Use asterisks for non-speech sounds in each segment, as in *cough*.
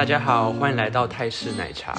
大家好，歡迎來到泰式奶茶。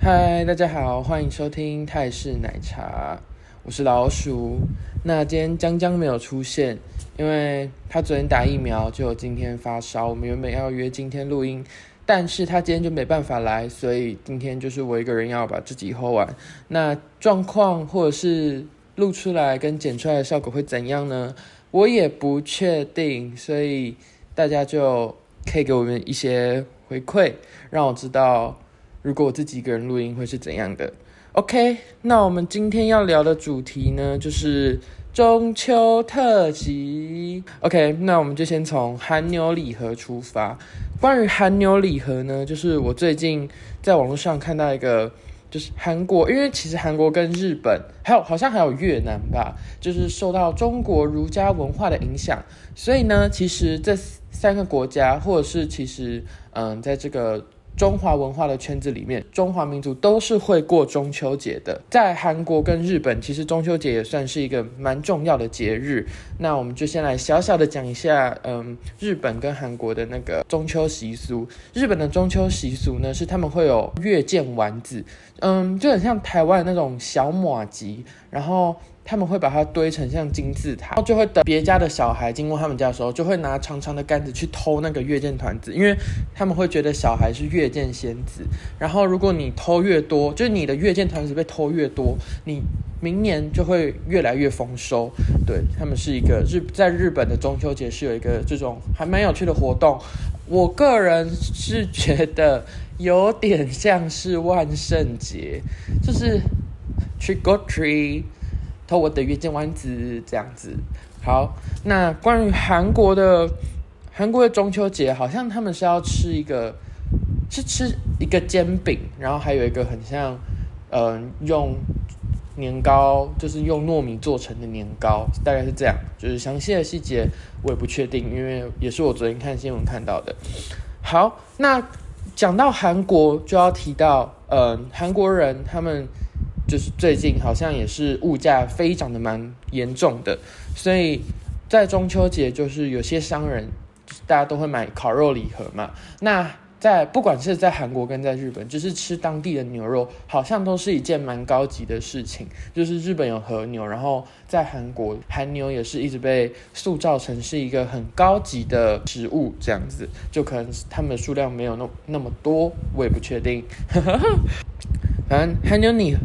嗨，大家好，歡迎收聽泰式奶茶。我是老鼠。那今天江江沒有出現，因為他昨天打疫苗，就有今天發燒。我們原本要約今天錄音，但是他今天就沒辦法來，所以今天就是我一個人要把自己喝完。那狀況或者是錄出來跟剪出來的效果會怎樣呢？我也不確定，所以大家就。可以給我們一些回饋，讓我知道如果我自己一個人錄音會是怎樣的。OK，那我們今天要聊的主題呢，就是中秋特輯。OK，那我們就先從韓牛禮盒出發。關於韓牛禮盒呢，就是我最近在網絡上看到一個，就是韓國，因為其實韓國跟日本還有好像還有越南吧，就是受到中國儒家文化的影響，所以呢，其實這。三個國家，或者是其實，嗯，在這個中華文化的圈子裡面，中華民族都是會過中秋節的。在韓國跟日本，其實中秋節也算是一個蠻重要的節日。那我們就先來小小的講一下，嗯，日本跟韓國的那個中秋習俗。日本的中秋習俗呢，是他們會有月見丸子，嗯，就很像台灣那種小麻糬，然後。他們會把它堆成像金字塔，然後就會等別家的小孩經過他們家的時候，就會拿長長的杆子去偷那個月見團子，因為他們會覺得小孩是月見仙子。然後如果你偷越多，就是你的月見團子被偷越多，你明年就會越來越豐收。對他們是一個日，在日本的中秋節是有一個這種還蠻有趣的活動。我個人是覺得有點像是萬聖節，就是 trick or treat 偷我的月見丸子這樣子，好。那關於韓國的韓國的中秋節，好像他們是要吃一個，是吃一個煎餅，然後還有一個很像，嗯、呃，用年糕，就是用糯米做成的年糕，大概是這樣。就是詳細的細節我也不確定，因為也是我昨天看新聞看到的。好，那講到韓國就要提到，嗯、呃，韓國人他們。就是最近好像也是物價飛漲的蠻嚴重的，所以在中秋節就是有些商人，大家都會買烤肉禮盒嘛。那在不管是在韓國跟在日本，就是吃當地的牛肉，好像都是一件蠻高級的事情。就是日本有和牛，然後在韓國韓牛也是一直被塑造成是一個很高級的食物，這樣子就可能他們的數量沒有那麼那麼多，我也不確定。 *laughs* 韓牛你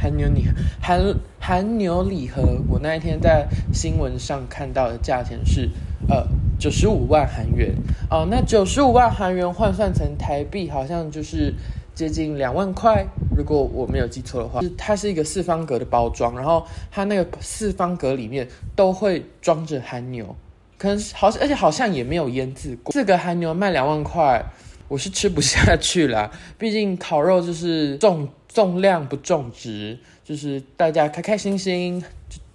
韓牛禮，韓韓牛，韓牛禮盒，我那一天在新聞上看到的價錢是呃九十五萬韓元哦，那九十五萬韓元換算成台幣好像就是接近兩萬塊，如果我沒有記錯的話，它是一個四方格的包裝，然後它那個四方格裡面都會裝着韓牛，可能是，而且好像也沒有醃製過。這個韓牛賣兩萬塊，我是吃不下去啦，畢竟烤肉就是重重量不重質，就是大家開開心心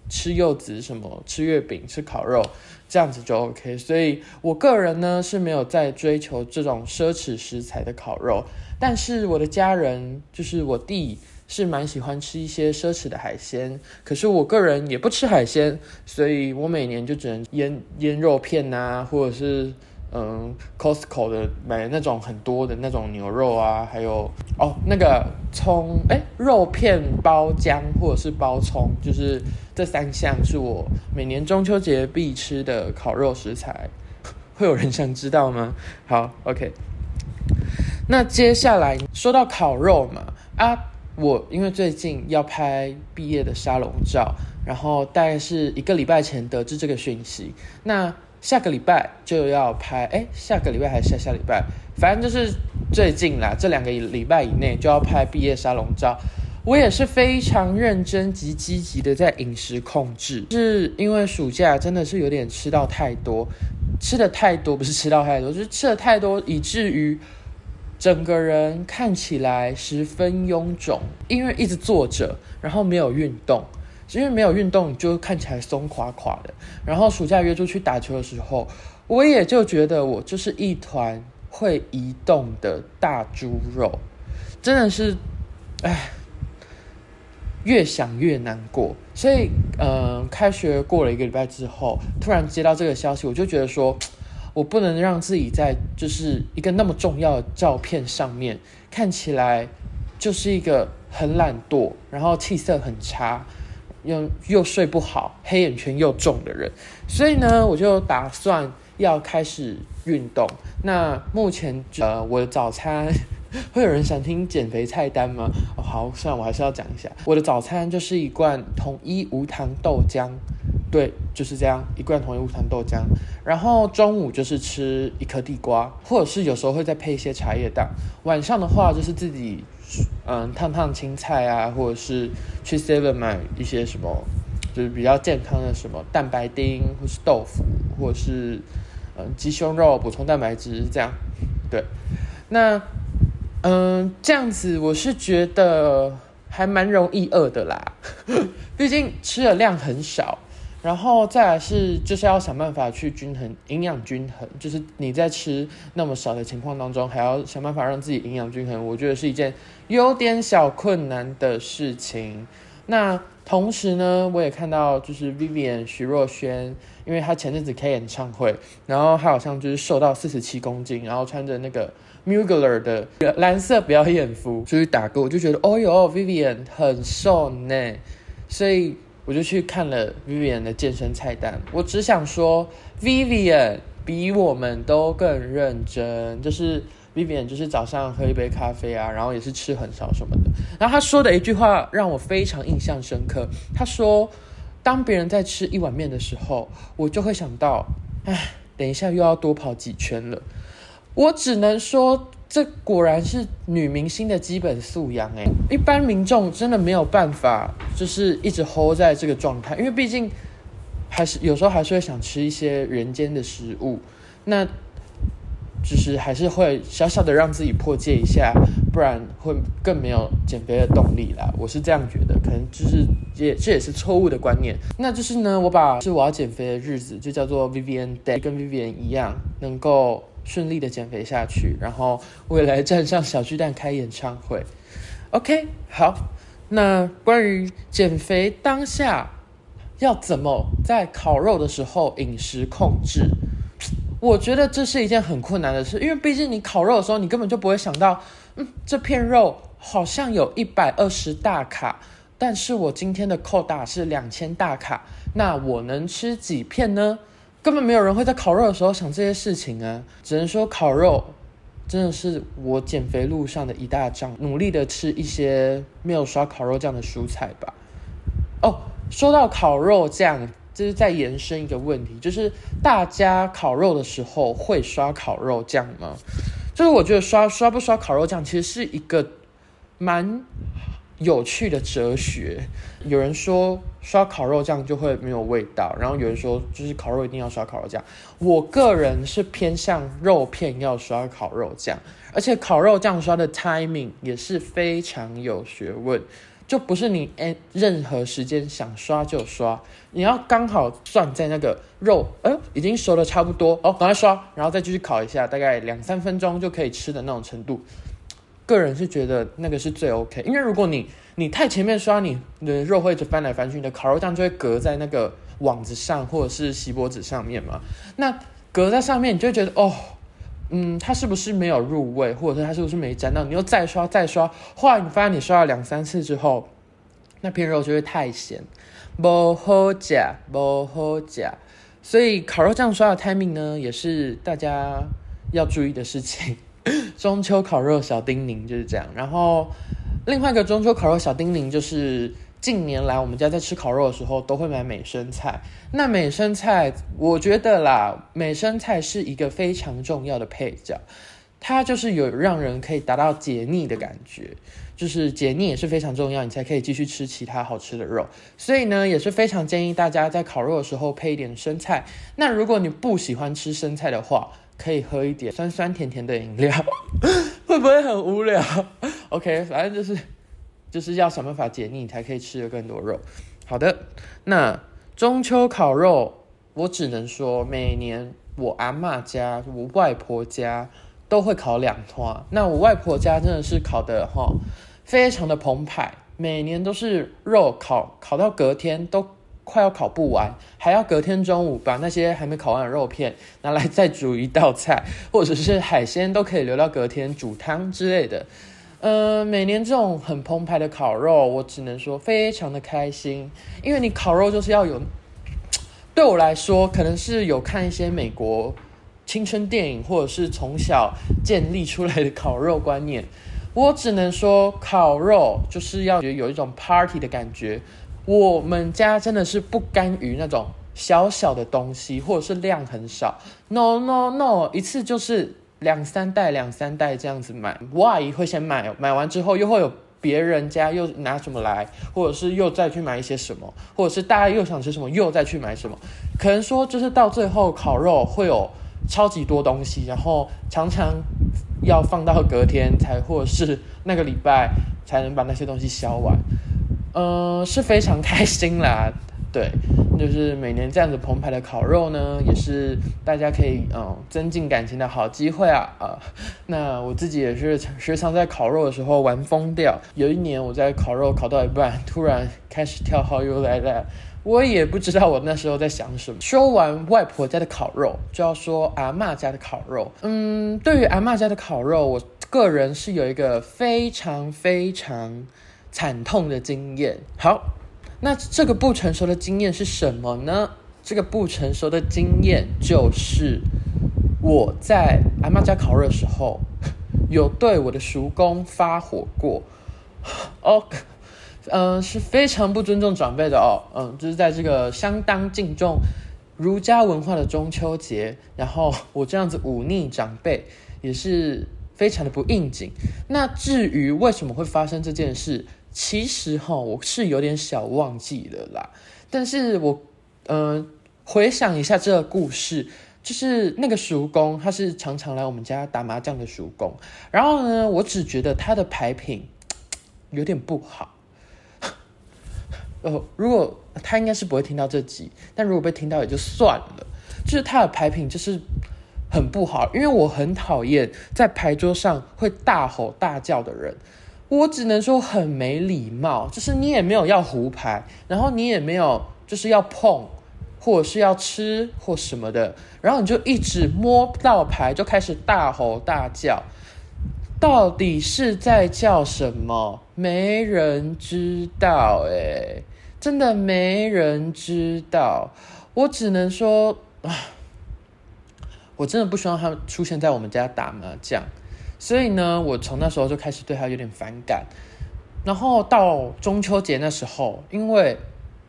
吃柚子，什麼吃月餅，吃烤肉，這樣子就 OK。所以我個人呢是沒有在追求這種奢侈食材的烤肉，但是我的家人，就是我弟，是蠻喜歡吃一些奢侈的海鮮。可是我個人也不吃海鮮，所以我每年就只能醃醃肉片吶、啊，或者是。嗯，Costco 的買的那種很多的那種牛肉啊，還有哦，那個蔥，哎、欸，肉片包薑或者是包蔥，就是這三項是我每年中秋節必吃的烤肉食材。會有人想知道嗎？好，OK。那接下來說到烤肉嘛，啊，我因為最近要拍畢業的沙龍照，然後大概是一個禮拜前得知這個訊息，那。下個禮拜就要拍，哎，下個禮拜還是下下禮拜？反正就是最近啦，這兩個禮拜以內就要拍畢業沙龍照。我也是非常認真及積極的在飲食控制，就是因為暑假真的是有點吃到太多，吃的太多不是吃到太多，就是吃的太多，以至於整個人看起來十分臃腫，因為一直坐着，然後沒有運動。因為沒有運動，就看起來鬆垮垮的。然後暑假約出去打球的時候，我也就覺得我就是一團會移動的大豬肉，真的是，唉，越想越難過。所以，嗯，開學過了一個禮拜之後，突然接到這個消息，我就覺得說，我不能讓自己在就是一個那麼重要的照片上面看起來就是一個很懶惰，然後氣色很差。又又睡不好，黑眼圈又重的人，所以呢，我就打算要開始運動。那目前，呃，我的早餐，呵呵，會有人想聽減肥菜單嗎？哦、好，算了，我還是要講一下，我的早餐就是一罐統一無糖豆漿，對，就是這樣，一罐統一無糖豆漿。然後中午就是吃一顆地瓜，或者是有時候會再配一些茶葉蛋。晚上的話就是自己。嗯，燙燙青菜啊，或者是去 Seven 買一些什麼，就是比較健康的什麼蛋白丁，或是豆腐，或是嗯雞胸肉，補充蛋白質這樣。對，那嗯這樣子，我是覺得還蠻容易餓的啦， *laughs* 畢竟吃的量很少。然後再來是，就是要想辦法去均衡營養均衡，就是你在吃那麼少的情況當中，還要想辦法讓自己營養均衡，我覺得是一件有點小困難的事情。那同時呢，我也看到就是 Vivian 徐若瑄，因為她前陣子開演唱會，然後她好像就是瘦到四十七公斤，然後穿着那個 Mugler 的藍色表演服出去打歌，我就覺得哦喲、哦、Vivian 很瘦呢，所以。我就去看了 Vivian 的健身菜單。我只想說，Vivian 比我們都更認真。就是 Vivian，就是早上喝一杯咖啡啊，然後也是吃很少什麼的。然後他說的一句話讓我非常印象深刻。他說：“當別人在吃一碗麵的時候，我就會想到，哎，等一下又要多跑幾圈了。”我只能說。這果然是女明星的基本素養、欸、一般民眾真的沒有辦法，就是一直 hold 在這個狀態，因為畢竟還是有時候還是會想吃一些人間的食物，那就是還是會小小的讓自己破戒一下，不然會更沒有減肥的動力啦。我是這樣覺得，可能就是也這也是錯誤的觀念。那就是呢，我把是我要減肥的日子就叫做 Vivian Day，跟 Vivian 一樣，能夠。順利的減肥下去，然後未來站上小巨蛋開演唱會。OK，好。那關於減肥，當下要怎麼在烤肉的時候飲食控制？我覺得這是一件很困難的事，因為畢竟你烤肉的時候，你根本就不會想到，嗯，這片肉好像有一百二十大卡，但是我今天的扣打是兩千大卡，那我能吃幾片呢？根本沒有人會在烤肉的時候想這些事情啊！只能說烤肉真的是我減肥路上的一大仗，努力的吃一些沒有刷烤肉醬的蔬菜吧。哦，說到烤肉醬，就是在延伸一個問題，就是大家烤肉的時候會刷烤肉醬嗎？就是我覺得刷刷不刷烤肉醬其實是一個蠻。有趣的哲學，有人說刷烤肉醬就會沒有味道，然後有人說就是烤肉一定要刷烤肉醬。我個人是偏向肉片要刷烤肉醬，而且烤肉醬刷的 timing 也是非常有學問，就不是你任任何時間想刷就刷，你要剛好站在那個肉，哎、欸，已經熟的差不多哦，趕快刷，然後再繼續烤一下，大概兩三分鐘就可以吃的那種程度。個人是覺得那個是最 OK，因為如果你你太前面刷你的肉會一直翻來翻去，你的烤肉醬就會隔在那個網子上或者是錫箔紙上面嘛。那隔在上面你就會覺得哦，嗯，它是不是沒有入味，或者說它是不是沒沾到？你又再刷再刷，後來你發現你刷了兩三次之後，那片肉就會太鹹，不好吃，不好吃。所以烤肉醬刷的 timing 呢，也是大家要注意的事情。中秋烤肉小叮嚀就是這樣，然後另外一個中秋烤肉小叮嚀就是近年來我們家在吃烤肉的時候都會買美生菜。那美生菜，我覺得啦，美生菜是一個非常重要的配角，它就是有讓人可以達到解膩的感覺，就是解膩也是非常重要，你才可以繼續吃其他好吃的肉。所以呢，也是非常建議大家在烤肉的時候配一點生菜。那如果你不喜歡吃生菜的話，可以喝一點酸酸甜甜的飲料， *laughs* 會不會很無聊 *laughs* ？OK，反正就是就是要想辦法解膩，才可以吃得更多肉。好的，那中秋烤肉，我只能說每年我阿嬤家、我外婆家都會烤兩攤。那我外婆家真的是烤得齁，非常的澎湃，每年都是肉烤烤到隔天都。快要烤不完，還要隔天中午把那些還沒烤完的肉片拿來再煮一道菜，或者是海鮮都可以留到隔天煮湯之類的。嗯，每年這種很澎湃的烤肉，我只能說非常的開心，因為你烤肉就是要有。對我來說，可能是有看一些美國青春電影，或者是從小建立出來的烤肉觀念。我只能說烤肉就是要有一種 party 的感覺。我們家真的是不甘於那種小小的東西，或者是量很少。No, no, no，一次就是兩三袋，兩三袋這樣子買。我阿姨會先買，買完之後又會有別人家又拿什麼來，或者是又再去買一些什麼，或者是大家又想吃什麼，又再去買什麼。可能說就是到最後烤肉會有超級多東西，然後常常要放到隔天才，或者是那個禮拜才能把那些東西消完。嗯、呃，是非常開心啦，對，就是每年這樣子澎湃的烤肉呢，也是大家可以嗯、呃、增進感情的好機會啊啊、呃！那我自己也是時常在烤肉的時候玩瘋掉，有一年我在烤肉烤到一半，突然開始跳好友來了，我也不知道我那時候在想什麼。說完外婆家的烤肉，就要說阿嬤家的烤肉。嗯，對於阿嬤家的烤肉，我個人是有一個非常非常。慘痛的經驗。好，那這個不成熟的經驗是什麼呢？這個不成熟的經驗就是我在阿嬤家烤肉的時候，有對我的叔公發火過。哦，嗯，是非常不尊重長輩的哦。嗯，就是在這個相當敬重儒家文化的中秋節，然後我這樣子忤逆長輩，也是非常的不應景。那至於為什麼會發生這件事？其實、哦、我是有點小忘記了啦，但是我，呃，回想一下這個故事，就是那個叔公，他是常常來我們家打麻將的叔公，然後呢，我只覺得他的牌品嘖嘖有點不好。 *laughs* 呃，如果他應該是不會聽到這集，但如果被聽到也就算了，就是他的牌品就是很不好，因為我很討厭在牌桌上會大吼大叫的人。我只能說很沒禮貌，就是你也沒有要胡牌，然後你也沒有就是要碰，或者是要吃或什麼的，然後你就一直摸不到牌，就開始大吼大叫，到底是在叫什麼？沒人知道、欸，誒，真的沒人知道。我只能說啊，我真的不希望他們出現在我們家打麻將。所以呢，我從那時候就開始對他有點反感。然後到中秋節那時候，因為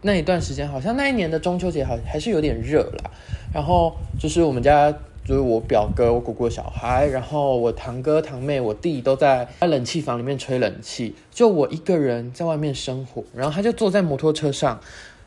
那一段時間好像那一年的中秋節好像還是有點熱啦。然後就是我們家就是我表哥、我姑姑小孩，然後我堂哥、堂妹、我弟都在在冷氣房裡面吹冷氣，就我一個人在外面生火。然後他就坐在摩托車上，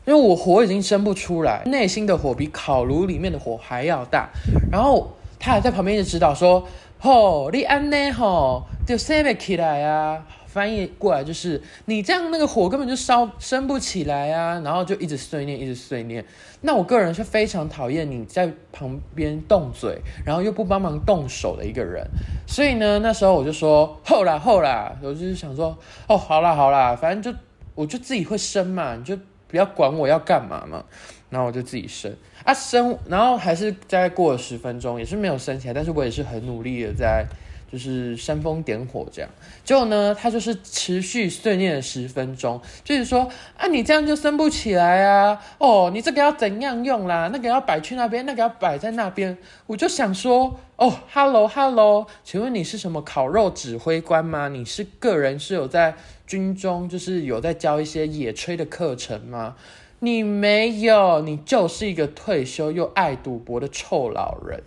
因為我火已經生不出來，內心的火比烤爐裡面的火還要大。然後他還在旁邊一直指導說。吼、哦，你安呢？吼，就生不起來啊！翻譯過來就是，你這樣那個火根本就燒生不起來啊！然後就一直碎念，一直碎念。那我個人是非常討厭你在旁邊動嘴，然後又不幫忙動手的一個人。所以呢，那時候我就說後啦後啦，我就是想說，哦，好啦好啦，反正就我就自己會生嘛，你就不要管我要幹嘛嘛。然後我就自己升啊升，然後還是再過了十分鐘，也是沒有升起來。但是我也是很努力的在，就是煽風點火這樣。結果呢，他就是持續碎念了十分鐘，就是說啊，你這樣就升不起來啊，哦，你這個要怎樣用啦？那個要擺去那邊，那個要擺在那邊。我就想說，哦，哈嘍，哈嘍。請問你是什麼烤肉指揮官嗎？你是個人是有在軍中，就是有在教一些野炊的課程嗎？你沒有，你就是一個退休又愛賭博的臭老人，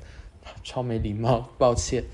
超沒禮貌，抱歉。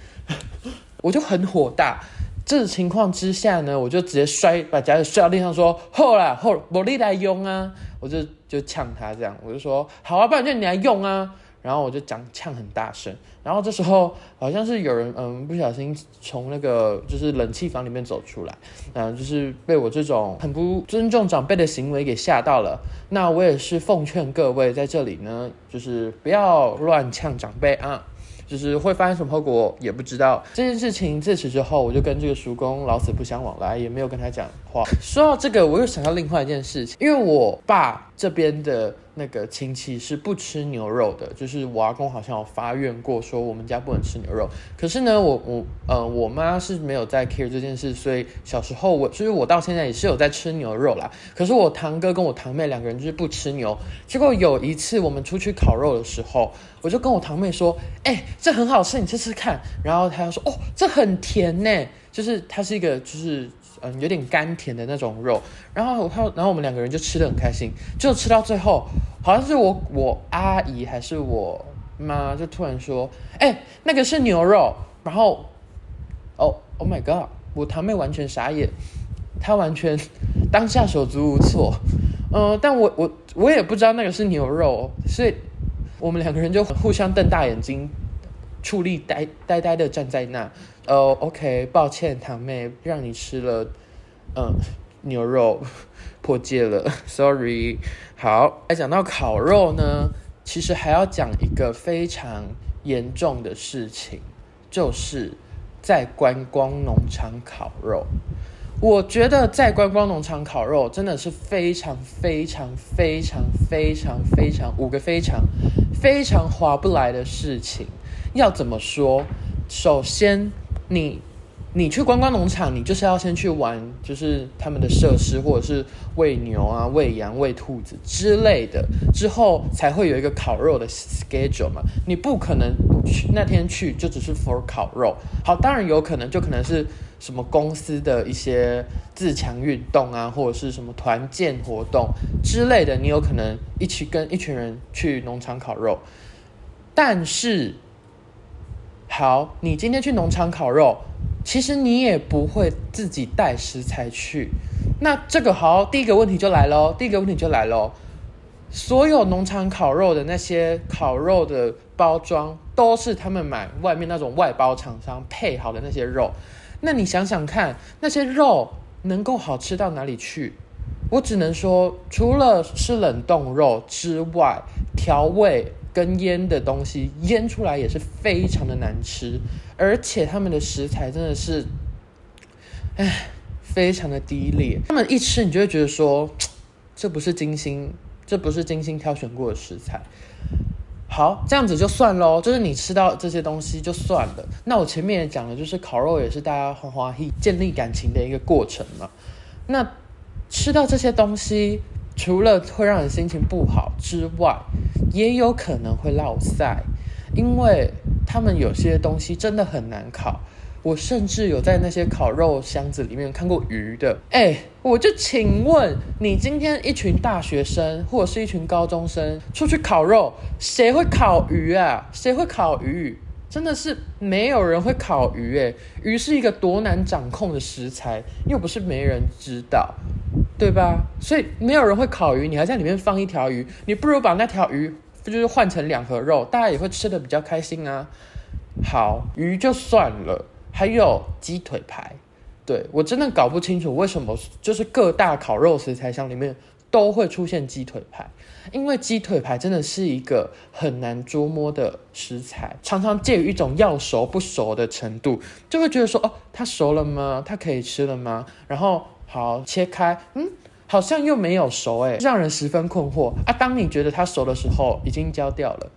*laughs* 我就很火大，這種、個、情況之下呢，我就直接摔，把夾子摔到地上，說：好啦，好啦，玻璃來用啊！我就就嗆他這樣，我就說：好啊，不然就你來用啊。然後我就講嗆很大聲，然後這時候好像是有人嗯不小心從那個就是冷氣房裡面走出來，嗯、呃、就是被我這種很不尊重長輩的行為給嚇到了。那我也是奉勸各位在這裡呢，就是不要亂嗆長輩啊，就是會發生什麼後果也不知道。這件事情自此之後，我就跟這個叔公老死不相往來，也沒有跟他講話。說到這個，我又想到另外一件事情，因為我爸這邊的。那個親戚是不吃牛肉的，就是我阿公好像有發願過，說我們家不能吃牛肉。可是呢，我我呃，我媽是沒有在 care 這件事，所以小時候我，就是我到現在也是有在吃牛肉啦。可是我堂哥跟我堂妹兩個人就是不吃牛，結果有一次我們出去烤肉的時候，我就跟我堂妹說：“哎、欸，這很好吃，你吃吃看。”然後她就說：“哦，這很甜呢，就是她是一個就是。”嗯，有點甘甜的那種肉，然後我，然後我們兩個人就吃得很開心，就吃到最後，好像是我我阿姨還是我媽就突然說：“哎，那個是牛肉。”然後，哦，Oh my God！我堂妹完全傻眼，她完全當下手足無措。嗯，但我我我也不知道那個是牛肉，所以我們兩個人就互相瞪大眼睛，矗立呆呆呆的站在那。哦、oh，OK，抱歉，堂妹，讓你吃了，嗯、呃，牛肉破戒了，Sorry。好，欸，講到烤肉呢，其實還要講一個非常嚴重的事情，就是在觀光農場烤肉。我覺得在觀光農場烤肉真的是非常非常非常非常非常五個非常非常划不來的事情。要怎麼說？首先。你，你去觀光農場，你就是要先去玩，就是他們的設施，或者是餵牛啊、餵羊、餵兔子之類的，之後才會有一個烤肉的 schedule 嘛。你不可能去那天去就只是 for 烤肉。好，當然有可能，就可能是什麼公司的一些自強運動啊，或者是什麼團建活動之類的，你有可能一起跟一群人去農場烤肉，但是。好，你今天去農場烤肉，其實你也不會自己帶食材去。那這個好，第一個問題就來囉，第一個問題就來囉。所有農場烤肉的那些烤肉的包裝，都是他們買外面那種外包廠商配好的那些肉。那你想想看，那些肉能夠好吃到哪裡去？我只能說，除了吃冷凍肉之外，調味。跟醃的東西醃出來也是非常的難吃，而且他們的食材真的是，唉，非常的低劣。他們一吃你就會覺得說，這不是精心，這不是精心挑選過的食材。好，這樣子就算嘍，就是你吃到這些東西就算了。那我前面也講了，就是烤肉也是大家歡歡喜喜建立感情的一個過程嘛。那吃到這些東西。除了會讓你心情不好之外，也有可能會落賽，因為他們有些東西真的很難烤。我甚至有在那些烤肉箱子裡面看過魚的。哎，我就請問你，今天一群大學生或者是一群高中生出去烤肉，誰會烤魚啊？誰會烤魚？真的是沒有人會烤魚誒、欸，魚是一個多難掌控的食材，又不是沒人知道，對吧？所以沒有人會烤魚，你還在裡面放一條魚，你不如把那條魚就是換成兩盒肉，大家也會吃得比較開心啊。好，魚就算了，還有雞腿排，對，我真的搞不清楚為什麼就是各大烤肉食材箱裡面。都會出現雞腿排，因為雞腿排真的是一個很難捉摸的食材，常常介於一種要熟不熟的程度，就會覺得說哦，它熟了嗎？它可以吃了嗎？然後好切開，嗯，好像又沒有熟，誒，讓人十分困惑啊！當你覺得它熟的時候，已經焦掉了，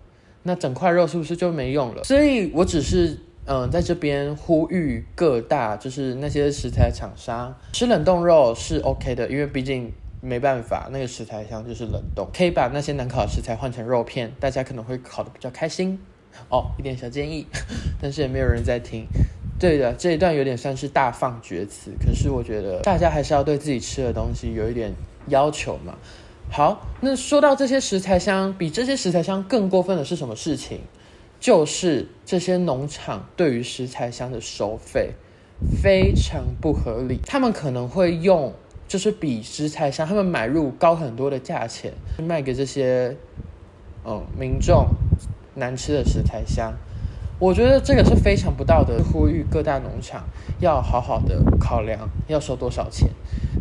那整塊肉是不是就沒用了？所以我只是嗯，在這邊呼籲各大就是那些食材廠商，吃冷凍肉是 OK 的，因為畢竟。沒辦法，那個食材箱就是冷凍，可以把那些難烤的食材換成肉片，大家可能會烤得比較開心哦，一點小建議，但是也沒有人在聽。對的，這一段有點算是大放厥詞，可是我覺得大家還是要對自己吃的東西有一點要求嘛。好，那說到這些食材箱，比這些食材箱更過分的是什麼事情？就是這些農場對於食材箱的收費非常不合理，他們可能會用。就是比食材箱他們買入高很多的價錢賣給這些，嗯，民眾難吃的食材箱，我覺得這個是非常不道德的。呼籲各大農場要好好的考量要收多少錢，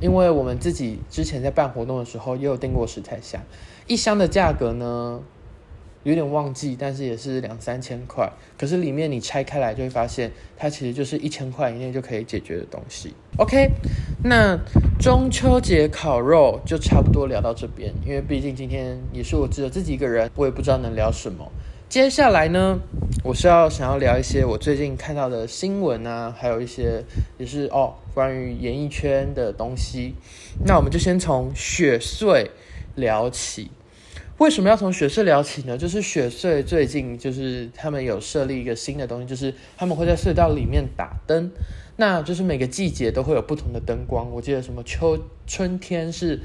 因為我們自己之前在辦活動的時候也有訂過食材箱，一箱的價格呢？有點忘記，但是也是兩三千塊。可是裡面你拆開來就會發現，它其實就是一千塊以內就可以解決的東西。OK，那中秋節烤肉就差不多聊到這邊，因為畢竟今天也是我只有自己一個人，我也不知道能聊什麼。接下來呢，我是要想要聊一些我最近看到的新聞啊，還有一些也是哦關於演藝圈的東西。那我們就先從雪穗聊起。為什麼要從雪隧聊起呢？就是雪隧最近就是他們有設立一個新的東西，就是他們會在隧道裡面打燈，那就是每個季節都會有不同的燈光。我記得什麼秋春天是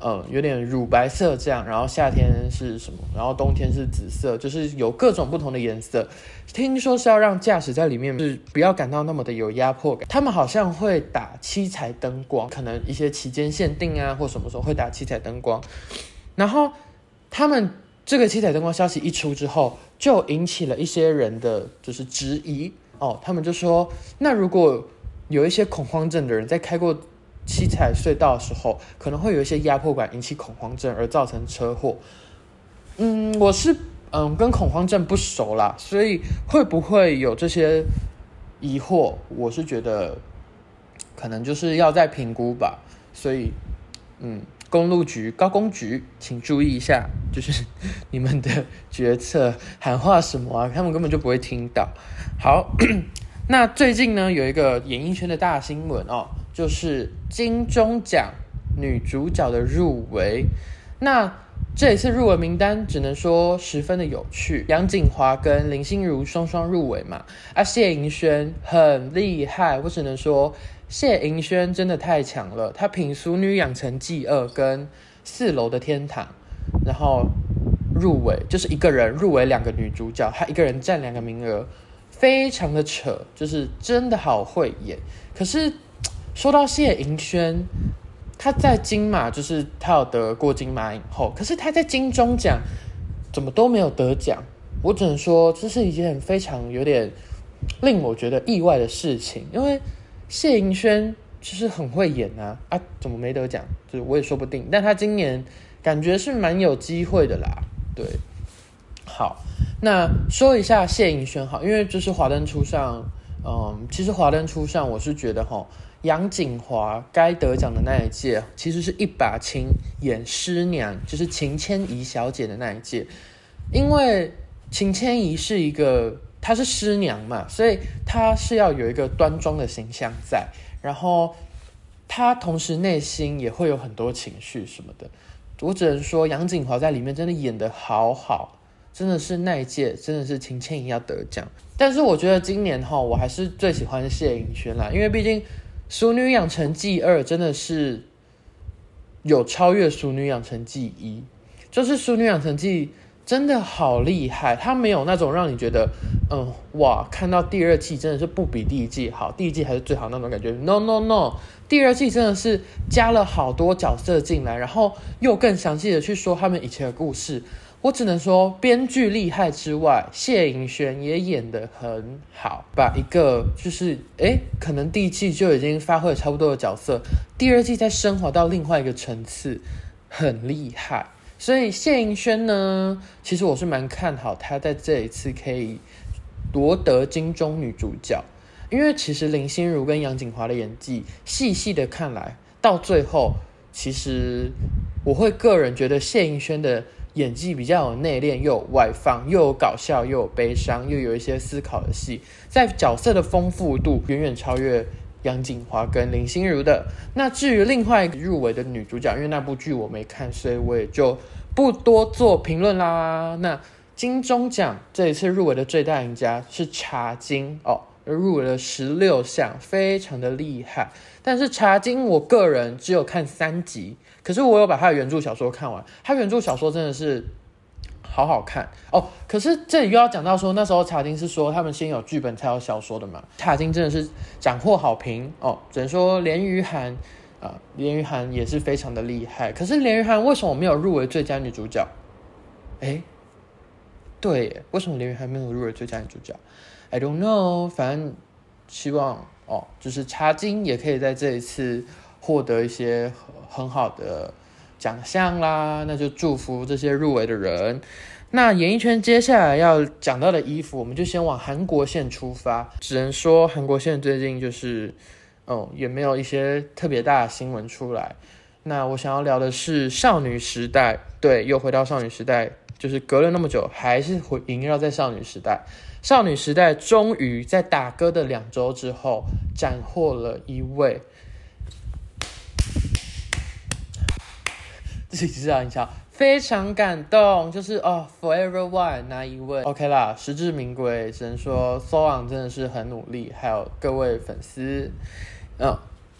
呃有點乳白色這樣，然後夏天是什麼，然後冬天是紫色，就是有各種不同的顏色。聽說是要讓駕駛在裡面就是不要感到那麼的有壓迫感。他們好像會打七彩燈光，可能一些期間限定啊或什麼時候會打七彩燈光，然後。他們這個七彩燈光消息一出之後，就引起了一些人的就是質疑哦。他們就說：“那如果有一些恐慌症的人在開過七彩隧道的時候，可能會有一些壓迫感，引起恐慌症而造成車禍。”嗯，我是嗯跟恐慌症不熟啦，所以會不會有這些疑惑？我是覺得可能就是要再評估吧。所以，嗯。公路局、高工局，請注意一下，就是你們的決策喊話什麼啊？他們根本就不會聽到。好， *coughs* 那最近呢，有一個演藝圈的大新聞哦，就是金鐘獎女主角的入圍。那這一次入圍名單只能說十分的有趣，楊謹華跟林心如雙雙入圍嘛。啊，謝盈萱很厲害，我只能說謝盈萱真的太強了。她憑《俗女養成記二》跟《四樓的天堂》，然後入圍就是一個人入圍兩個女主角，她一個人佔兩個名額，非常的扯，就是真的好會演。可是說到謝盈萱。他在金馬就是他有得過金馬影後，可是他在金鐘獎怎麼都沒有得獎，我只能說這是一件非常有點令我覺得意外的事情，因為謝盈萱其實很會演啊，啊怎麼沒得獎？就是我也說不定，但他今年感覺是蠻有機會的啦，對。好，那說一下謝盈萱好，因為就是華燈初上，嗯，其實華燈初上我是覺得吼楊謹華該得獎的那一屆，其實是一把青演師娘，就是秦千怡小姐的那一屆，因為秦千怡是一個她是師娘嘛，所以她是要有一個端莊的形象在，然後她同時內心也會有很多情緒什麼的。我只能說楊謹華在裡面真的演得好好，真的是那一屆真的是秦千怡要得獎，但是我覺得今年哈我還是最喜歡謝盈萱啦，因為畢竟。《淑女養成記二》真的是有超越《淑女養成記一》，就是《淑女養成記》真的好厲害，它沒有那種讓你覺得，嗯，哇，看到第二季真的是不比第一季好，第一季還是最好那種感覺。No no no，第二季真的是加了好多角色進來，然後又更詳細的去說他們以前的故事。我只能說，編劇厲害之外，謝盈萱也演得很好，把一個就是哎，可能第一季就已經發揮了差不多的角色，第二季再升華到另外一個層次，很厲害。所以謝盈萱呢，其實我是蠻看好她在這一次可以奪得金鐘女主角，因為其實林心如跟楊謹華的演技，細細的看來，到最後，其實我會個人覺得謝盈萱的。演技比較有內斂，又有外放，又有搞笑，又有悲傷，又有一些思考的戲，在角色的豐富度遠遠超越楊謹華跟林心如的。那至於另外一個入圍的女主角，因為那部劇我沒看，所以我也就不多做評論啦。那金鐘獎這一次入圍的最大贏家是茶金哦，入圍了十六項，非常的厲害。但是茶金，我個人只有看三集，可是我有把他的原著小說看完。他原著小說真的是好好看哦。可是這裡又要講到說，那時候茶金是說他們先有劇本才有小說的嘛？茶金真的是斬獲好評哦。只能說連於涵啊，連俞涵也是非常的厲害。可是連俞涵為什麼沒有入圍最佳女主角？哎，對，為什麼連俞涵沒有入圍最佳女主角？I don't know，反正希望。哦，就是茶金也可以在這一次獲得一些很好的獎項啦，那就祝福這些入圍的人。那演藝圈接下來要講到的衣服，我們就先往韓國線出發。只能說韓國線最近就是，哦、嗯，也沒有一些特別大的新聞出來。那我想要聊的是少女時代，對，又回到少女時代，就是隔了那麼久，還是會縈繞在少女時代。少女時代終於在打歌的兩周之後斬獲了一位， *laughs* 自己欣賞一下，非常感動。就是哦、oh,，Forever One 那一位？OK 啦，實至名歸，只能說 Song 真的是很努力，還有各位粉絲，嗯、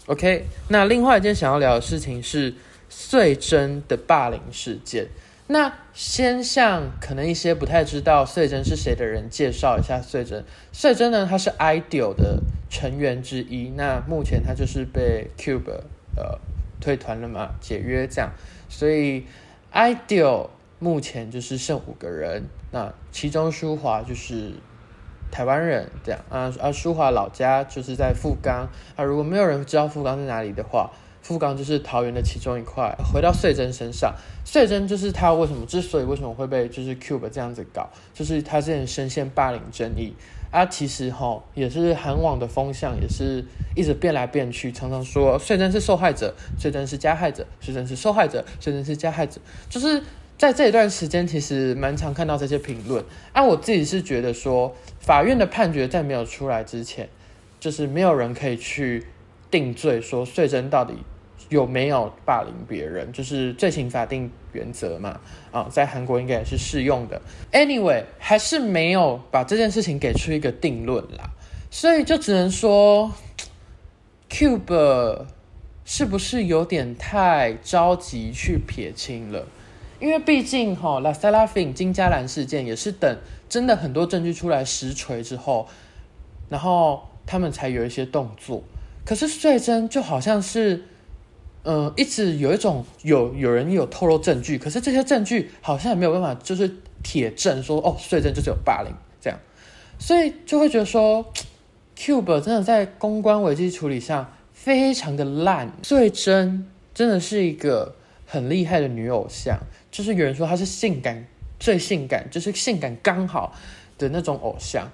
oh,，OK。那另外一件想要聊的事情是穗珍的霸凌事件。那先向可能一些不太知道穗珍是誰的人介紹一下穗珍。穗珍呢，她是 IDOL 的成員之一。那目前她就是被 Cube 呃退團了嘛，解約這樣。所以 IDOL 目前就是剩五個人。那其中舒華就是台灣人這樣啊啊，舒華老家就是在富岡啊。如果沒有人知道富岡在哪裡的話。富岡就是桃園的其中一塊。回到穗珍身上，穗珍就是他為什麼之所以為什麼會被就是 Cube 這樣子搞，就是他之前深陷霸凌爭議。啊，其實吼也是韓網的風向，也是一直變來變去，常常說穗珍是受害者，穗珍是加害者，穗珍是受害者，穗珍是加害者。就是在這一段時間，其實蠻常看到這些評論。啊，我自己是覺得說，法院的判決在沒有出來之前，就是沒有人可以去。定罪，說稅真到底有沒有霸凌別人？就是罪刑法定原則嘛，啊，在韓國應該也是適用的。Anyway，還是沒有把這件事情給出一個定論啦，所以就只能說 Cube 是不是有點太着急去撇清了？因為畢竟哈，LE SSERAFIM 金佳蘭事件也是等真的很多證據出來實錘之後，然後他們才有一些動作。可是最真就好像是，嗯，一直有一種有有人有透露證據，可是這些證據好像也沒有辦法就是鐵證說，說哦，最真就是有霸凌這樣，所以就會覺得說，Cube 真的在公關危機處理上非常的爛。最真真的是一個很厲害的女偶像，就是有人說她是性感最性感，就是性感剛好的那種偶像，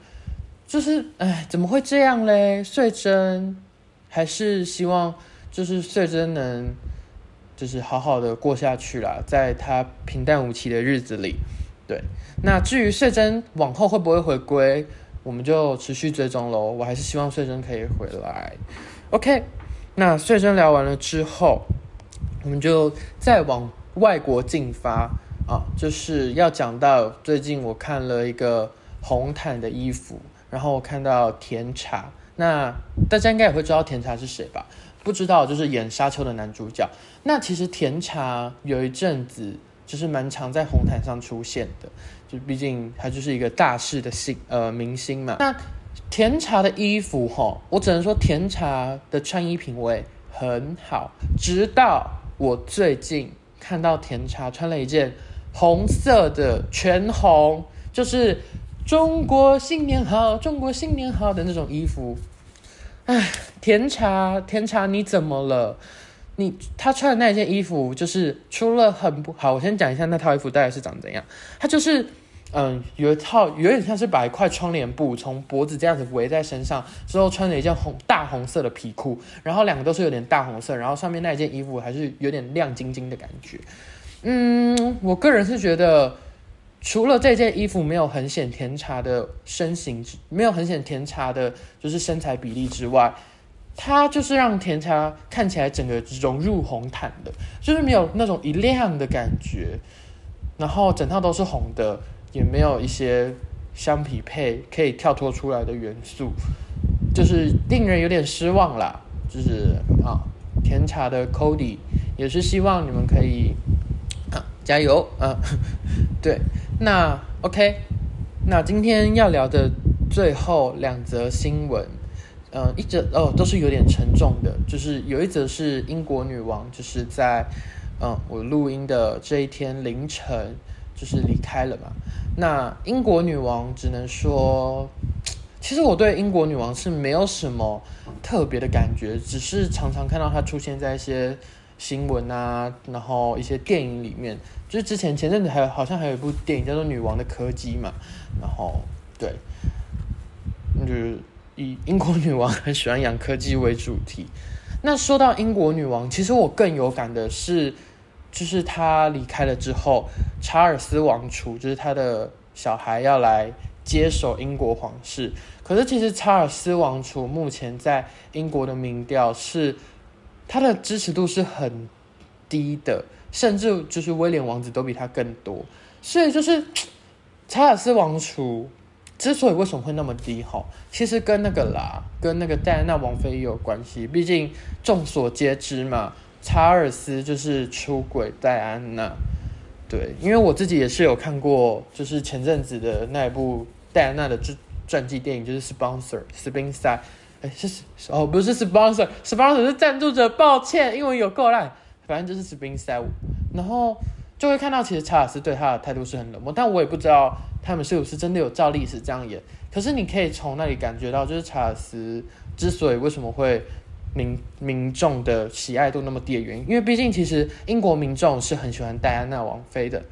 就是哎，怎麼會這樣嘞？最真。還是希望就是穗真能，就是好好的過下去啦，在她平淡無奇的日子裡，對。那至於穗珍往後會不會回歸，我們就持續追蹤嘍。我還是希望穗真可以回來。OK，那穗珍聊完了之後，我們就再往外國進發啊，就是要講到最近我看了一個紅毯的衣服，然後我看到甜茶。那大家應該也會知道甜茶是誰吧？不知道就是演《沙丘》的男主角。那其實甜茶有一陣子就是蠻常在紅毯上出現的，就畢竟他就是一個大勢的星呃明星嘛。那甜茶的衣服吼，我只能說甜茶的穿衣品味很好。直到我最近看到甜茶穿了一件紅色的全紅，就是。中國新年好，中國新年好的那種衣服。唉，哎，甜茶，甜茶你怎麼了？你他穿的那件衣服就是除了很不好，我先講一下那套衣服大概是長怎樣。他就是，嗯，有一套有點像是把一塊窗簾布從脖子這樣子圍在身上，之後穿了一件紅大紅色的皮褲，然後兩個都是有點大紅色，然後上面那一件衣服還是有點亮晶晶的感覺。嗯，我個人是覺得。除了這件衣服沒有很顯甜茶的身形，沒有很顯甜茶的就是身材比例之外，它就是讓甜茶看起來整個融入紅毯的，就是沒有那種一亮的感覺。然後整套都是紅的，也沒有一些相匹配可以跳脫出來的元素，就是令人有點失望啦。就是啊，甜茶的 Cody 也是希望你們可以。加油，嗯，對，那 OK，那今天要聊的最後兩則新聞，嗯，一則哦都是有點沉重的，就是有一則是英國女王，就是在嗯我錄音的這一天凌晨就是離開了嘛。那英國女王只能說，其實我對英國女王是沒有什麼特別的感覺，只是常常看到她出現在一些。新聞啊，然後一些電影裡面，就是之前前陣子還有，好像還有一部電影叫做《女王的柯基》嘛，然後對，就是以英國女王很喜歡養柯基為主題。那說到英國女王，其實我更有感的是，就是她離開了之後，查爾斯王儲就是他的小孩要來接手英國皇室。可是其實查爾斯王儲目前在英國的民調是。他的支持度是很低的，甚至就是威廉王子都比他更多。所以就是查爾斯王儲之所以為什麼會那麼低吼，其實跟那個啦，跟那個戴安娜王妃也有關係。畢竟眾所皆知嘛，查爾斯就是出軌戴安娜。對，因為我自己也是有看過，就是前陣子的那一部戴安娜的傳記電影，就是 Spencer 斯賓塞。哎、欸，是哦，不是 sponsor，sponsor 是贊助者，抱歉，英文有夠爛，反正就是 Spencer，然後就會看到其實查爾斯對他的態度是很冷漠，但我也不知道他們是不是真的有照歷史這樣演，可是你可以從那裡感覺到，就是查爾斯之所以為什麼會民民眾的喜愛度那麼低的原因，因為畢竟其實英國民眾是很喜歡戴安娜王妃的，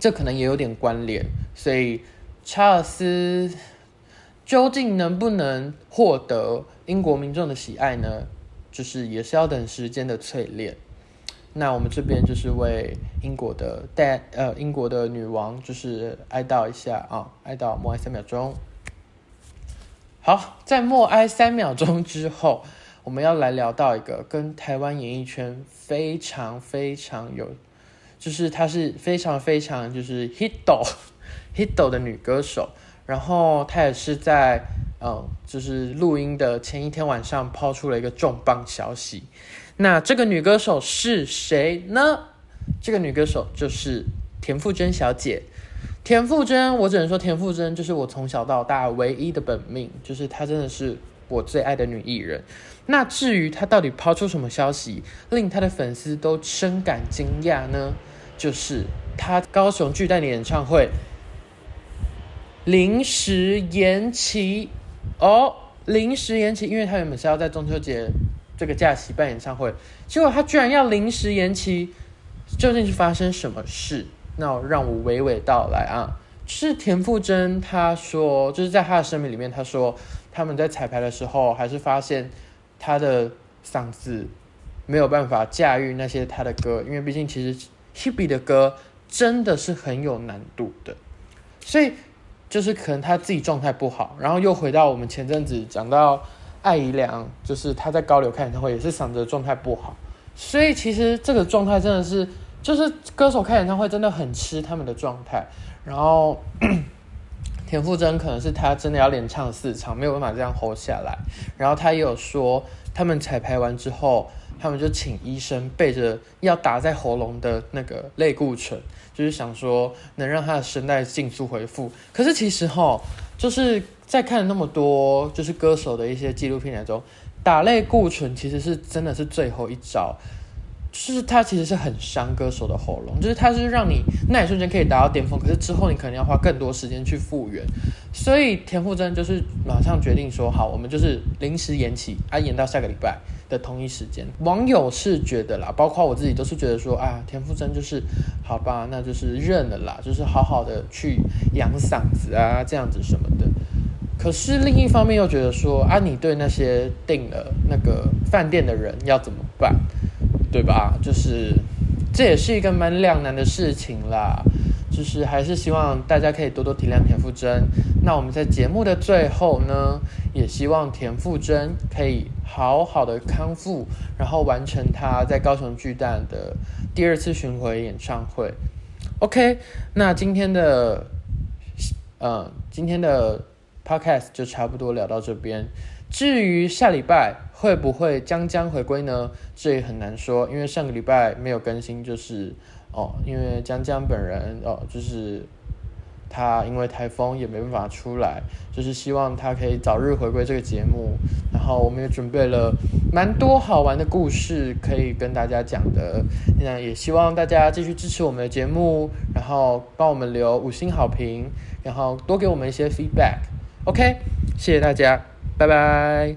這可能也有點關聯，所以查爾斯。究竟能不能獲得英國民眾的喜愛呢？就是也是要等時間的淬煉。那我們這邊就是為英國的戴，呃，呃英國的女王就是哀悼一下啊，哀悼默哀三秒鐘。好，在默哀三秒鐘之後，我們要來聊到一個跟台灣演藝圈非常非常有，就是她是非常非常就是 hit 的 hit 的女歌手。然後她也是在，嗯、呃，就是錄音的前一天晚上拋出了一個重磅消息。那這個女歌手是誰呢？這個女歌手就是田馥甄小姐。田馥甄，我只能說田馥甄就是我從小到大唯一的本命，就是她真的是我最愛的女藝人。那至於她到底拋出什麼消息，令她的粉絲都深感驚訝呢？就是她高雄巨蛋的演唱會。臨時延期哦，oh，臨時延期，因為他原本是要在中秋節這個假期辦演唱會，結果他居然要臨時延期，究竟是發生什麼事？那我讓我娓娓道來啊。就是田馥甄他說，就是在他的聲明裡面他說，他們在彩排的時候還是發現他的嗓子沒有辦法駕馭那些他的歌，因為畢竟其實 Hebe 的歌真的是很有難度的，所以。就是可能他自己狀態不好，然後又回到我們前陣子講到艾怡良，就是他在高流開演唱會也是嗓子狀態不好，所以其實這個狀態真的是，就是歌手開演唱會真的很吃他們的狀態。然後 *coughs* 田馥甄可能是他真的要連唱四場，沒有辦法這樣 hold 下來。然後他也有說，他們彩排完之後，他們就請醫生背着要打在喉嚨的那個類固醇，就是想說能讓他的聲帶迅速恢復。可是其實吼，就是在看了那麼多就是歌手的一些紀錄片當中，打類固醇其實是真的是最後一招，就是它其實是很傷歌手的喉嚨，就是它是讓你那一瞬間可以達到巔峰，可是之後你可能要花更多時間去復原。所以田馥甄就是馬上決定說，好，我們就是臨時延期，啊延到下個禮拜。的同一時間，網友是覺得啦，包括我自己都是覺得說，啊，田馥甄就是，好吧，那就是認了啦，就是好好的去養嗓子啊，這樣子什麼的。可是另一方面又覺得說，啊，你對那些訂了那個飯店的人要怎麼辦，對吧？就是這也是一個蠻兩難的事情啦。就是還是希望大家可以多多體諒田馥甄。那我們在節目的最後呢，也希望田馥甄可以好好的康復，然後完成他在高雄巨蛋的第二次巡迴演唱會。OK，那今天的嗯、呃、今天的 Podcast 就差不多聊到這邊。至於下禮拜會不會將將回歸呢？這也很難說，因為上個禮拜沒有更新，就是。哦，因為江江本人哦，就是他因為台風也沒辦法出來，就是希望他可以早日回歸這個節目。然後我們也準備了蠻多好玩的故事可以跟大家講的。那也希望大家繼續支持我們的節目，然後幫我們留五星好評，然後多給我們一些 feedback。OK，謝謝大家，拜拜。